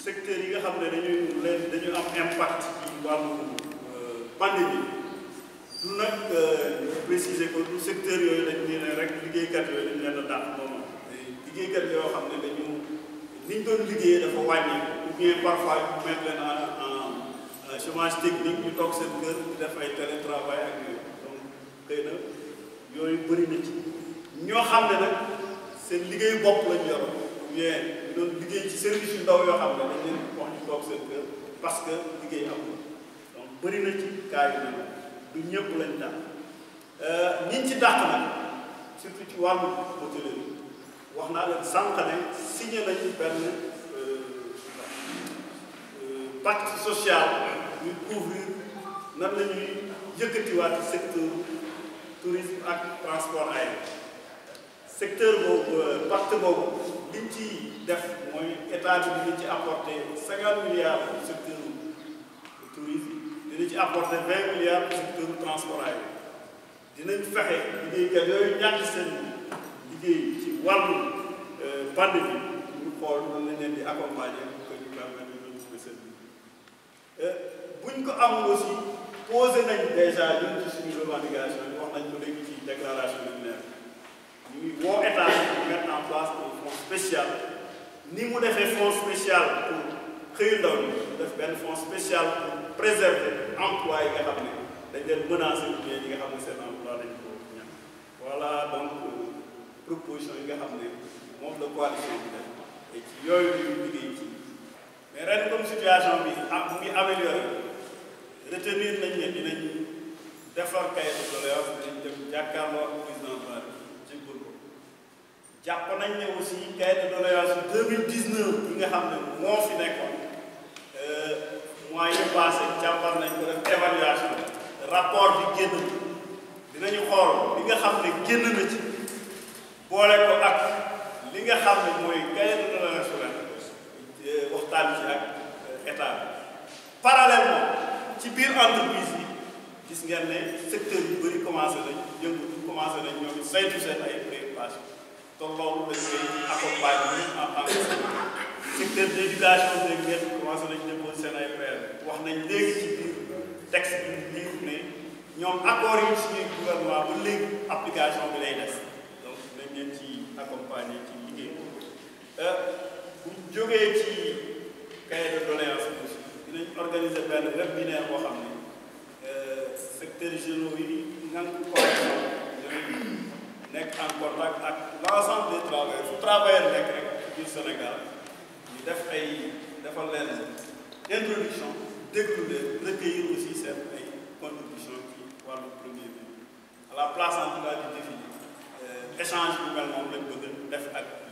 secteur yi nga xam ne dañu leen dañu am impact ci wàllu euh, pandémie du nag ñu euh, préciser ko du secteur yooyu dañ ne ne rek liggéeykat yooyu dañ leen a dàq moom liggéeykat yoo xam ne dañu niñ doon liggéeyee dafa wàññeeku ou bien parfois ñu leen en chômage technique ñu toog seen kër di def ay télétravail ak yooyu donc xëy na yooyu bëri na ñoo xam ne nag seen liggéeyu bopp lañ yoroon bien ñu liggéey ci service yu ndaw yoo xam ne dañ ñu toog seen kër parce que liggéey amul donc bëri na ci cas yu mel du ñëpp lañ dàq euh, ñi ci dàq nag surtout ci wàllu wax naa leen sànq ne signé nañu benn euh, euh, pacte social ñu couvrir nan la ñuy yëkkatiwaat secteur tourisme ak transport aérien secteur boobu pacte boobu. liñ ci def mooy état bi dina ci apporté cinquante milliards pour secteur tourisme dina ci apporté vingt milliards pour secteur transport aérien dinañ fexe liggéeykat yooyu ñàkk seen liggéey ci wàllu pandémie euh, ñu xool nan lañ leen di accompagner pour que ñu permettre ñu ñëw seen liggéey euh, buñ ko amul aussi posé nañ déjà ñun ci suñu revendication wax nañ ko léegi spécial ni mou defee fonds spécial pour xëyu ndaw ñi def benn fonds spécial pour préserver emploi yi nga xam ne dañ leen menacer ou bien ñi nga xam ne seen emploi dañ ko ñàkk voilà donc proposition yi nga xam ne moom la coalition bi def et ci yooyu yi liggéey ci mais ren comme situation bi am mu ngi amélioré retenir nañ ne dinañ defar cahier de doléances dinañ dem jàkkaarloo jàpp nañ ne aussi cahier de doléance deux mille dix-neuf bi nga xam ne moo fi nekkoon euh, mois yi passé jàppal nañ ko def évaluation rapport bi génn dinañu xool li nga xam ne génn na ci boole ko ak li nga xam ne mooy cahier de doléance euh, waxtaan ci ak euh, état bi parallèlement ci biir entreprise yi gis ngeen ne secteur yu bëri commencé nañ yëngu commencé nañ ñoom saytu seen ay préoccupations Então vamos descer Se tiver de Educação né? de Guerra commencé nañ déposé ay maire wax nañ léegi ci biir texte bi biir ne ñoom accord yi suñuy gouvernement ba léegi application bi lay def donc então, nañ leen ci accompagner ci liggéey bu jógee ci é cahier de doléance bi dinañ organiser benn um webinar xam ne secteur généraux yi ngan ko ñooy nekk en contact ak l'ensemble des travailleurs fu travailleur du rek Sénégal ñu def ay defal leen introduction déglu leen recueillir aussi seen ay contribution ci le premier bi à la place en tout cas du défi euh, échange bu mel moom lañ bëgg def ak